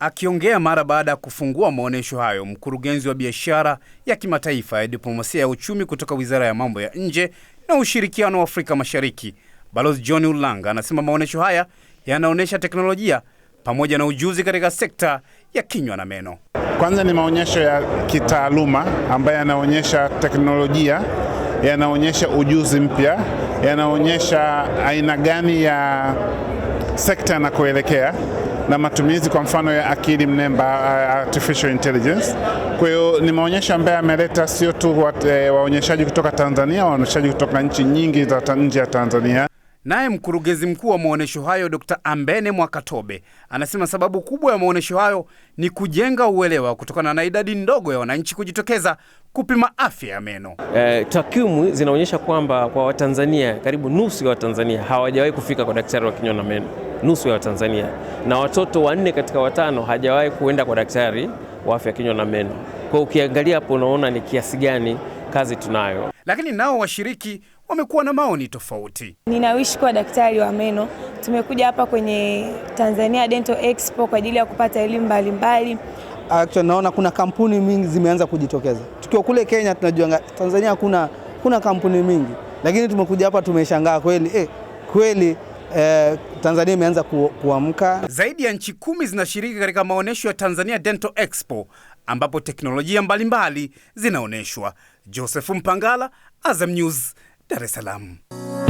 Akiongea mara baada ya kufungua maonyesho hayo, mkurugenzi wa biashara ya kimataifa ya diplomasia ya uchumi kutoka wizara ya mambo ya nje na ushirikiano wa Afrika Mashariki, Balozi John Ulanga, anasema maonyesho haya yanaonyesha teknolojia pamoja na ujuzi katika sekta ya kinywa na meno. Kwanza ni maonyesho ya kitaaluma ambayo yanaonyesha teknolojia, yanaonyesha ujuzi mpya, yanaonyesha aina gani ya sekta yanakoelekea na matumizi kwa mfano ya akili mnemba uh, artificial intelligence. Kwa hiyo ni maonyesho ambayo ameleta sio tu eh, waonyeshaji kutoka Tanzania, waonyeshaji kutoka nchi nyingi za nje ya Tanzania Naye mkurugenzi mkuu wa maonyesho hayo Dr. Ambene Mwakatobe anasema sababu kubwa ya maonyesho hayo ni kujenga uelewa kutokana na idadi ndogo ya wananchi kujitokeza kupima afya ya meno. Eh, takwimu zinaonyesha kwamba kwa Watanzania karibu nusu ya Watanzania hawajawahi kufika kwa daktari wa kinywa na meno, nusu ya Watanzania, na watoto wanne katika watano hajawahi kuenda kwa daktari wa afya ya kinywa na meno. Kwa ukiangalia hapo unaona ni kiasi gani kazi tunayo. Lakini nao washiriki wamekuwa na maoni tofauti. Ninawishi kuwa daktari wa meno. Tumekuja hapa kwenye Tanzania Dental Expo kwa ajili ya kupata elimu mbalimbali. Actually, naona kuna kampuni mingi zimeanza kujitokeza. Tukiwa kule Kenya tunajua Tanzania kuna, kuna kampuni mingi, lakini tumekuja hapa tumeshangaa kweli, eh, kweli Eh, Tanzania imeanza kuamka. Zaidi ya nchi kumi zinashiriki katika maonyesho ya Tanzania Dental Expo ambapo teknolojia mbalimbali zinaonyeshwa. Joseph Mpangala, Azam News. dar es salaam